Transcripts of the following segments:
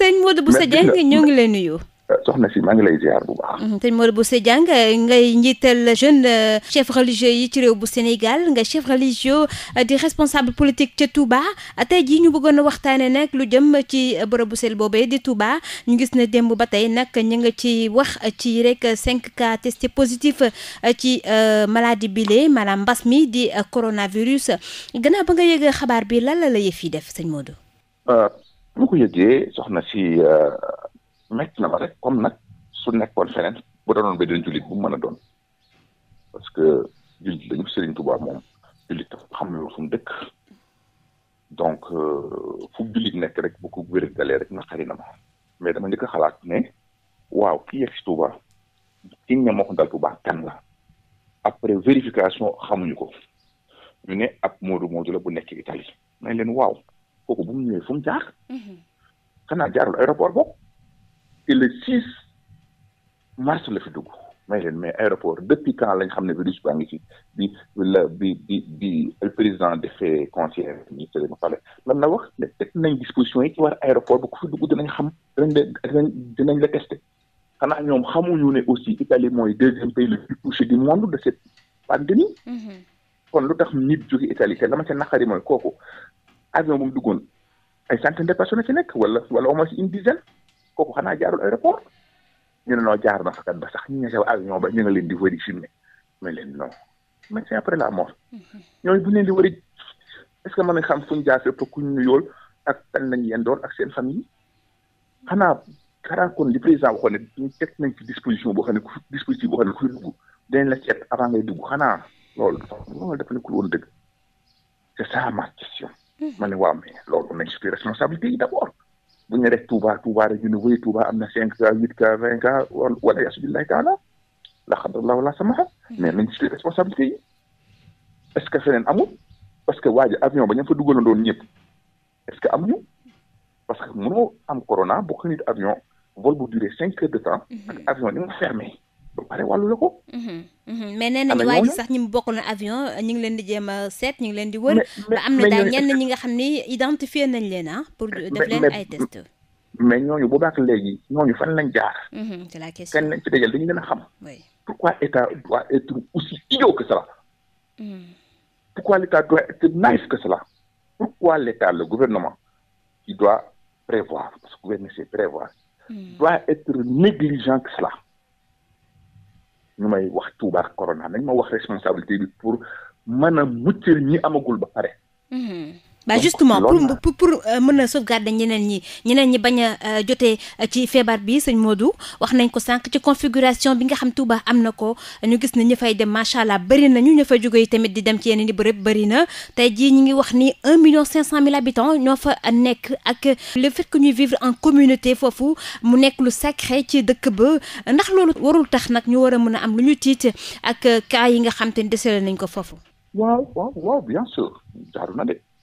Euh, mm-hmm. sëñ Modou Bousso Dieng ngi lay nuyu. soxna bu baax. sëñ ngay njiital jeune euh, chef religieux yi ci réew bu Sénégal nga chef religieux euh, di responsable politique ca Touba tey jii ñu bëggoon a waxtaanee nag lu jëm ci bërëbu sel boobe di Touba ñu gis ne démb ba tey nag ñu nga ci wax ci rek 5 cas testé positif ci maladie bile maanaam mbas mi di coronavirus gannaaw ba nga yëg xabaar bi lan la la yëf yi def sëñ Modou. mu ko yëgee soxna si euh, mett na ma rek comme nag su nekkoon feneen bu doonoon beneen jullit bu mu mën a doon parce que jullit lañu Serigne Touba moom jullit xam loolu mu dëkk donc euh, fu jullit nekk rek bu ko wér dalee rek na xari na ma mais dama njëkk a xalaat ne waaw ki yegg si Touba ki ne moo ko dal Touba kan la après vérification xamuñu ko ñu ne ab moodu moodu la bu nekk Italie nañ leen waaw kooku bu mu ñëwee fu mu jaar. Mhm. xanaa jaarul aéroport boobu. te le 6 mars la fi dugg. may leen mais aéroport depuis quand lañ xam ne virus baa ngi ci bi la bi bi bi le président defee conseil ministre de Palais lan la wax ne teg nañ disposition yi ci war aéroport bu ko fi dugg nañ xam dinañ la de dinañ la testé xanaa ñoom xamuñu ne aussi Italie mooy deuxième pays le plus touché du monde de cette pandémie. Mhm. kon lu tax nit jóge Italie te la ma ca naqari mooy kooku avion bu mu duggoon ay centaine de personnes ci nekk wala wala au moins une dizaine kooku xanaa jaarul aéroport ñu ne noo jaar na fakat ba sax ñu nga sew avion ba ñu nga leen di wari filmé mais leen non mais c'est après la mort mm-hmm. ñooñu bu leen di wari est-ce que mën nga xam fu ñu jaar fépp ku ñu yool ak kan lañ leen doon ak seen famille xanaa xanaa kon li président waxoon ne ñu teg nañ ci disposition boo xam ne ku dispositif boo xam ne ku dugg dañ la seet avant ngay dugg xanaa loolu loolu dafa dëgg c'est ça Mhm. ma ne waaw lool loolu nañ suñu responsabilité yi d' abord bu ñu rek Touba Touba rek ñu ne wéy am na cinq cas huit cas vingt cas wala yasubillahi taala la xadrallah wala samaha mais nañ suñu responsabilité yi est ce que feneen amul parce que waa ji avion ba ñu fa duggalandoon ñëpp est ce que amuñu parce que mënoo am corona bo nit avion vol bu duré cinq heures de temps ak mhm. avion ni fermé ba pare la ko. Mhm, mhm. mais nee nañu waa ji sax ñi mu bokkul na avion ñu ngi leen di jéem a seet ñu ngi leen di wër. mais am na daal ñenn ñi nga xam ni identifié nañ leen ah. pour def leen ay test. mais ñooñu boobaa ak léegi ñooñu fan lañ jaar. Mhm, c'est la question fan lañ ci dajal dañu leen xam. oui pourquoi état doit être aussi idiot que cela. pourquoi l'état doit être naïf que cela. pourquoi l'état le gouvernement qui doit prévoir parce que gouverner c'est prévoir. doit être négligent que cela. ñu may wax Touba corona nañ ma wax responsabilité bi pour mën a muccal ñi amagul ba pare. Mhm. ba justement pour pour euh, mën a sauvegarder ñeneen ñi ñeneen ñi bañ a euh, jotee euh, ci feebar bi sëñ Modou wax nañ ko sànq ci configuration bi nga xam Touba am na ko ñu gis ne ñu fay dem macha allah bëri na ñu ñu fay jógee tamit di dem ci yeneen i bari bëri na tey jii ñu ngi wax ni un million cinq cent mille habitants ñoo fa nekk ak le fait que ñuy vivre en communauté foofu mu nekk lu sacré ci dëkk ba ndax loolu warul tax nag ñu war a mën a am lu ñu tiit ak cas yi nga xam te ne nañ ko foofu.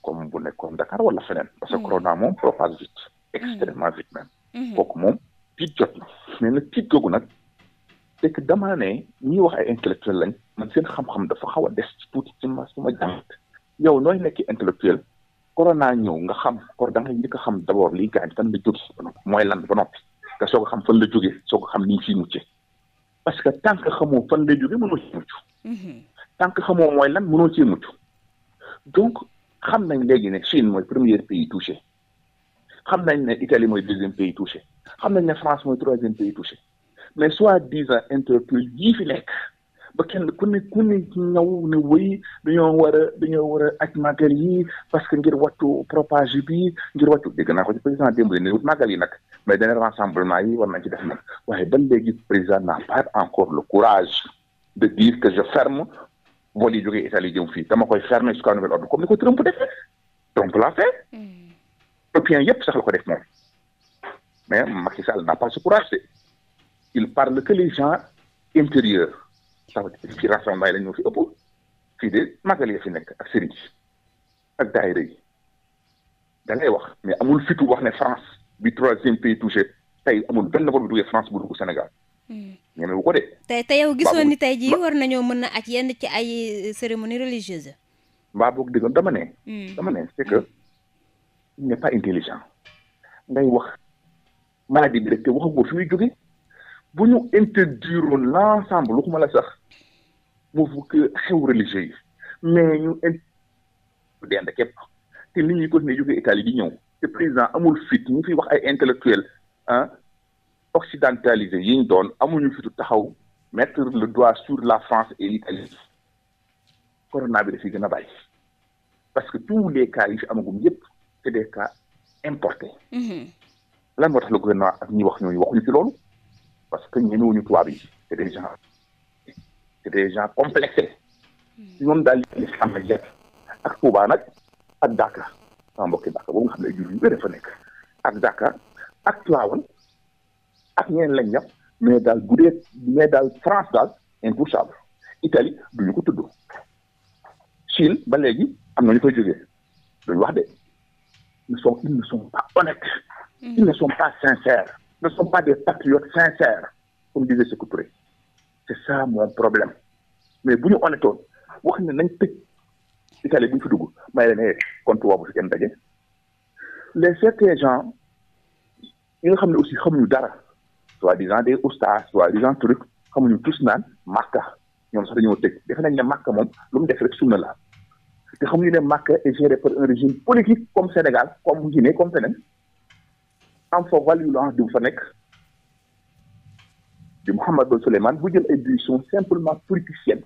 comme bu nekkoon Dakar wala feneen. parce que mm. corona moom propage vite. extrêmement vite même. Mm-hmm. kooku moom tiit jot na. mais nag tiit googu nag c'est que damaa ne ñiy wax ay intellectuel lañ man seen xam-xam dafa xaw a des ci tuuti ci ma su ma jàngat. yow nooy nekk intellectuel corona ñëw nga xam kor nga njëkk a xam d'abord liy gaañ fan la jógee mooy lan ba noppi nga soog a xam fan la jógee soog a xam ni ñu ciy mucce parce que tant que xamoo fan lay jógee mënoo ci mucc. Mm-hmm. tant que xamoo xam nañ léegi ne Chine mooy premier pays touché xam nañ ne Italie mooy deuxième pays touché xam nañ ne France mooy troisième pays touché mais soi-disant entreprise yii fi nekk ba kenn ku ne ku ne ñëw ne wëy dañoo war a dañoo war a aj màggal yi parce que ngir wattu propage bi ngir wattu dégg naa ko ci président démb ne wut màggal yi nag mais dana rassemblement yi war nañ ci def nag waaye ba léegi président n'a pas encore le courage de dire que je ferme vol yi jógee Italie jëm fii dama koy fermer jusqu'à nouvel ordre comme ni ko Trump defee Trump l'a fait hmm. européen yëpp sax la ko def moom mais Macky Sall n'a pas ce courage il parle que les gens intérieurs ça veut dire ci rassemblement yi la ñu fi ëpp fii de magal ya fi nekk ak sëriñ ak daayira yi da ngay wax mais amul fitu wax ne France bi troisième pays touché tey amul benn vol bu duggee France bu dugg Sénégal ñeme wu ko de. tey tey yow gisoon ni tey jii war nañoo mën a aj yenn ci ay cérémonie religieuse. mbaa boog déggoon dama ne. Hmm. dama ne c'est que il n'est pas intelligent. ngay wax maladie bi rek te waxagoo fi muy jóge bu ñu interdiroon l'ensemble waxuma la sax mu que xew religieux yi mais ñu indi te nit ñi ko ne jóge Italie ñëw te président amul fit mu fi wax ay intellectuel ah. occidentalisé yi ñu doon amuñu fitu taxaw mettre le doigt sur la France et l'Italie corona bi gën a bàyyi parce que tous les cas yi fi amagum yëpp c'est des cas importés mhm. lan moo tax le gouvernement ak ñi wax ñooñu waxuñu ci loolu parce que ñemewuñu tubaab yi c'est des gens c'est des gens mhm. daal li xam ne ak Touba nag ak Dakar sama mbokki Dakar boobu nga xam ne ay jur yu bëri fa nekk ak Dakar ak Tivaouane ak ñeneen lañ yàpp mais daal bu mais daal France daal intouchable Italie du ñu ko tudd Chine ba léegi am na ñu fay jógee dañu wax de ils ne sont ils ne sont pas honnêtes. Mm. ils ne sont pas sincères. ils ne sont pas des patriotes sincères comme disait c'est ça mon problème mais bu ñu honnêtoon wax ne nañ tëj Italie bu ñu fi dugg may la ne compte waa fi kenn daje les certains gens yi nga xam ne aussi xamuñu dara. soi-disant des oustaz soi-disant truc xamuñu tous naan màkka ñoom sax dañoo tëj defe nañ ne màkka moom lu mu def rek sunna la te xamuñu ne màkka est géré par un régime politique comme Sénégal comme Guinée comme feneen am fa valulence du fa nekk di Mouhamed Boun Souleymane bu jël ay décisions simplement politiciennes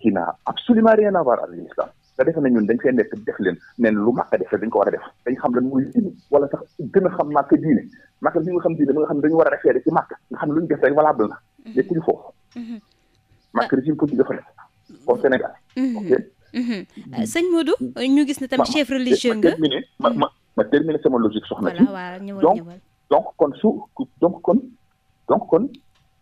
qui n'a absolument rien à voir l'islam nga defe na ñun dañ fee nekk def leen neen lu màkk def dañ ko war a def dañ xam lan mooy diine wala sax gën a xam màkk diine màkk li nga xam diine ba nga xam dañu war a référé ci màkk nga xam lu ñu def rek valable na mhm. nekkuñu foofu màkk mhm. ah. régime politique dafa nekk comme Sénégal mhm. ok sëñ Modou ñu gis ne tam chef religieux nga ma ma ma terminer sama logique soxna si donc donc kon su donc kon donc kon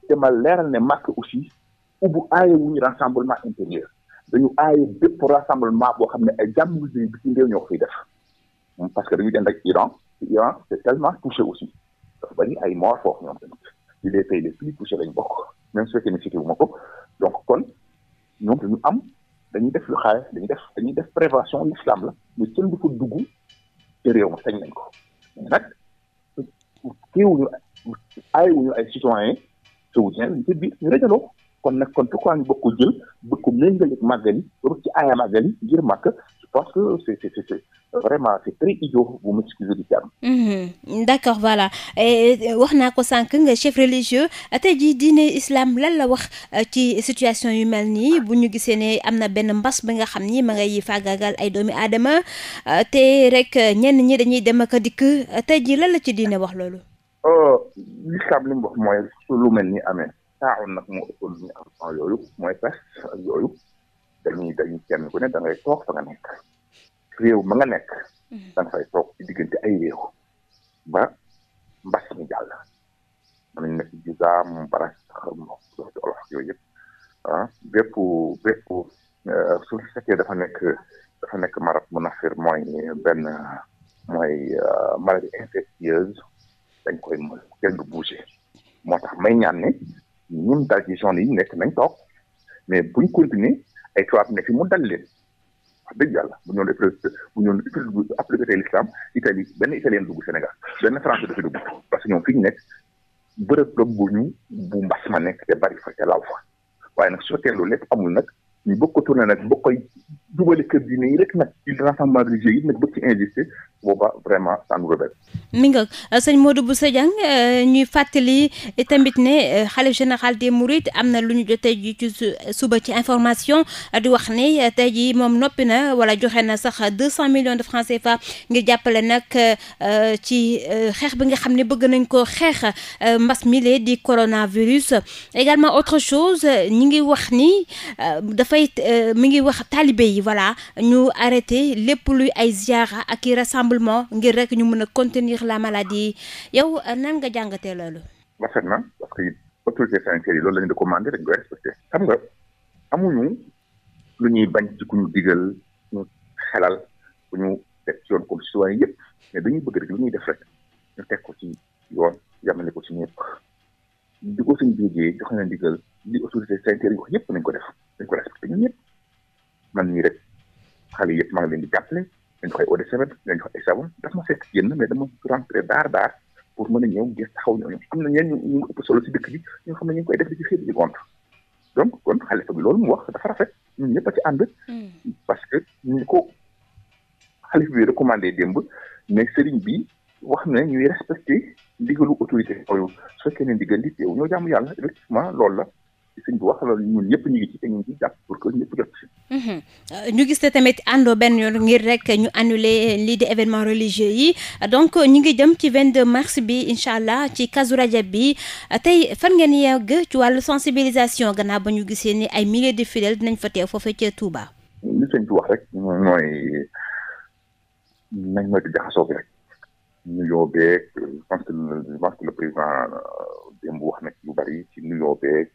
te ma leeral ne màkk aussi ubbu aaya wuñu rassemblement intérieur dañu aaye bépp rassemblement boo xam ne ay jàmm bi ci réew ñoo ko fiy def hmm, parce que dañu dend rek Iran Iran c'est tellement touché aussi dafa bari ay mort foofu ñoom tamit ci les pays les plus touchés lañu bokk même su fekkee ne cité ko donc kon ñoom dañu am dañuy def lu xaay dañu def dañuy def prévention l'islam la mais kenn du ko dugg te réew ma sañ nañ ko nag kiiwuñu aay wuñu ay citoyen saoudien ñu ci biir ñu dajaloo kon nag kon pourquoi ñu bëgg ko jël bëgg ko méngale ci aaya màggal ngir màkk je que c'est c'est c'est vraiment c'est très mm-hmm. voilà wax naa ko sànq nga chef religieux tey jii diine islam lan la wax euh, ci situation yu mel nii bu ñu gisee ne am na benn mbas bi nga xam ni ma ngay faagaagal ay doomi aadama euh, te rek euh, ñenn ñi dañuy dem ak dikk tey jii lan la ci diine wax loolu. l'islam lu mel ni amee. saawoon nag moo ëppoon ñu am mooy pes ak yooyu dañuy dañuy kenn ku ne da ngay toog fa nga nekk réew ma nga nekk mhm. da nga ci diggante ay réew ba mbas mi jàll mën nañ nekk juga moom baras xamlox dafa nekk dafa nekk marab munafir mooy benn mooy euh, maladie infectieuse dañ koy mën kenn bouger moo tax may ñaan ni ñun dal ci zone yi ñu nekk nañ toog mais buñ continuer ay tubaab nekk fi mu dal leen wax dëgg yàlla bu ñu doon bu ñu doon appliqué l'islam Italie benn italien dugg Sénégal benn français dafa parce que ñoom fi ñu nekk bërëb la bu ñu bu mbas ma nekk te bari fa te law fa waaye nag su fekkee loolu lépp amul nag. ñu bëgg ko koy jubali kër diine yi rek nag ci nag bëgg ci injustice booba vraiment sànnu rebel mi nga sëñ Modou Bousso Dieng euh, ñuy fàttali tamit ne euh, xalif général des Mourides am na lu ñu jotee ji ci suba ci information euh, di wax ni tey ji moom noppi na wala joxe na sax deux cent millions de francs CFA ngir jàppale nag ci xeex bi nga xam ne bëgg nañ ko xeex mbas mi di coronavirus également autre chose ñi ngi wax ni dafa dafay euh, mi ngi wax taalibe yi voilà ñu arrêté lépp luy ay ziara ak i rassemblement ngir rek ñu mën a contenir la maladie yow nan nga jàngatee loolu. rafet na parce que autorité sanitaire yi loolu la ñu recommandé dañ koy respecté xam nga amuñu ñu digal ñu xelal ku ñu teg ci yoon comme citoyen yëpp mais bëgg rek def rek ñu teg ko ci yoon yamale ko ci ñëpp di ko suñu jógee jox leen digal li autorité sanitaire yi wax yëpp nañ ko def. dañ ko respecté ñun ñëpp man mii rek xale yëpp maa ngi leen di jàppale dañ ko ay eau de javel dañ ko ay savon daf ma fekk génn mais dama rentré daar daar pour mën a ñëw gis na ñeen ñu ñu dëkk bi ñoo xam ne ñu koy def di ci xeetu ci gont donc kon xale bi mu wax dafa rafet ñun ñëpp a ci ànd hmm. parce que ñu ko xalif bi recommandé démb mais sëriñ bi wax na ñuy respecté ndigalu autorité yooyu su fekkee ne ndigal li teew ñoo jaamu yàlla effectivement loolu la sëñ bi wax loolu ñun ñëpp ñu ngi ci ñu ngi ciy mhm. euh, gis te tamit àndoo benn yoon ngir rek ñu annuler lii de événement religieux yi donc ñu ngi jëm ci 22 mars bi incha allah ci Kazu Rajab bi euh, tey fan ngeen yàgg ci wàll sensibilisation gannaaw ba ñu gisee ni ay milliers de fidèles dinañ fa teew foofu ca Touba. li sëñ bi wax rek mooy nañ moytu jaxasoo bi rek. nuyoo beeg je pense que le président euh, démb wax na ci bari ci nuyoo beeg.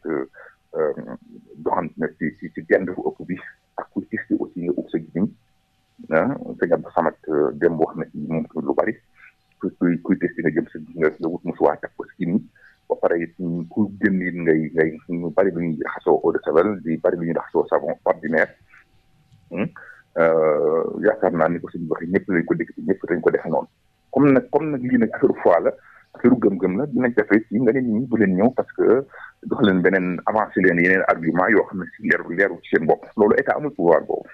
lañ ko dégg ñëpp dañ ko defee noonu comme nag comme nag lii nag affaire foi la affaire gëm-gëm la dinañ defee si nga ne nit bu leen ñëw parce que jox leen beneen avancé leen yeneen argument yoo xam ne si leeru leeru ci seen bopp loolu état amul pouvoir boobu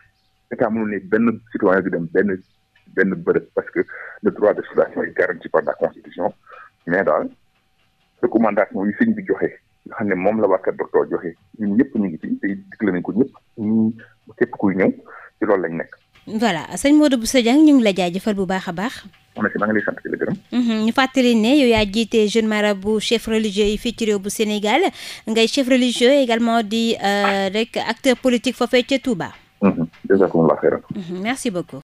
état mënul ne benn citoyen bi dem benn benn bërëb parce que le droit de circulation est garanti par la constitution mais daal recommandation yi sëñ bi joxe nga xam ne moom la wàkkat docteur joxe ñun ñëpp ñu ngi ci te digle nañ ko ñëpp ñu képp kuy voilà sëñ Modou bu Dieng ñu ngi la jëfal bu baax a baax. ma ngi lay mhm, ñu fàttali ne yow yaa jiite jeune marabout chef religieux yi fii ci réew bu Sénégal ngay chef religieux également di euh, rek acteur politique foofee ca Touba. Mhm, jazakumullah xayran mhm, merci beaucoup.